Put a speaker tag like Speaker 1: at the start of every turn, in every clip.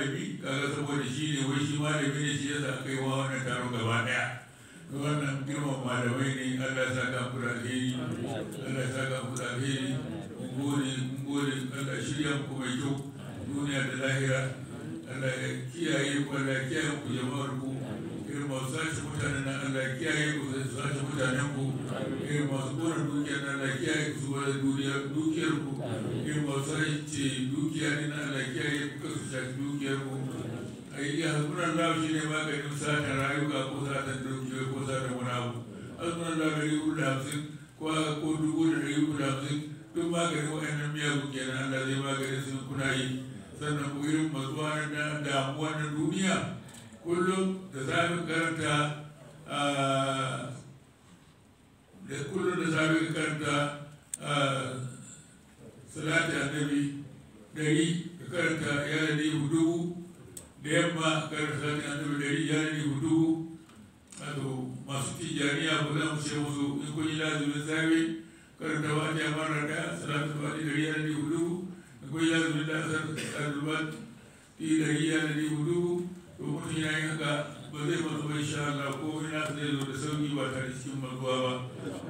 Speaker 1: malami kaga saboda shi ne wai shi malami ne shi yasa kai wa wannan taro gaba daya wannan girman malamai ne Allah ya saka ku da alheri Allah ya saka ku da alheri mun gode mun gode Allah shirya ku mai kyau duniya da lahira Allah ya kiyaye ku Allah ya kiyaye ku jama'ar ku irin masu sace mutanen nan Allah ya kiyaye ku sace mutanen ku irin masu kona dukiyar nan Allah ya kiyaye ku su dukiyar ku irin masu sace dukiya ne nan Allah kuka su shafi dukiyar ku a yi hasbunan lawa shi ne maganin sata rayuka ko sata dukiyar ko sata wani abu hasbunan lawa dari hudu da hamsin ko ko dubu da dari hudu da hamsin duk maganin wa'annan miyagun kenan Allah zai maganin sun kuna yi sannan ku irin matsuwa na damuwa na duniya kullum da zafin karanta da kullum da zafin karanta salati annabi dari karanta ya ne hudu da yamma karanta sani annabi dari ya ne hudu wato masu tijjaniya ko za mu ce musu in kun yi lazumin zabe karanta wata mara da salatu fati dari ya ne hudu in kun yi lazumin da salatu fati dari ya ne hudu to mutum ya yi haka ba zai masu bai sha Allah ko ina zai zo da sauki ba tare cikin mazuwa ba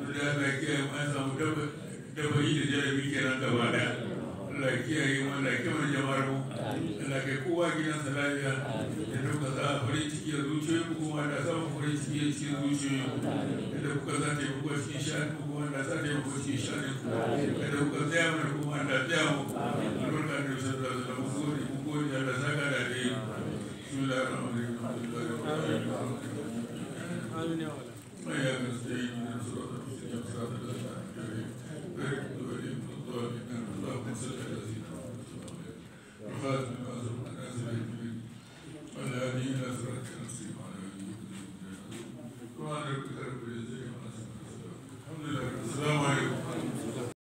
Speaker 1: da ya ga kiyaye mu an samu dafa da jarabi kenan gaba Allah kiyaye mu Allah kiyaye jama'ar mu Allah kai kowa gidansa lafiya da duka za a farin ciki da zuciyoyin ku kuma da sa farin ciki a cikin zuciyoyin ku da kuka za ta yi kuka cikin sha'an ku kuma da za ta yi kuka cikin sha'an ku da kuka tsaya mana kuma da tsaya mu albarka da yusuf da su da mu gode mu gode Allah saka da dai bismillahir rahmanir rahim amin ya wala ayyuhal muslimin sura al-fatiha Bozeman.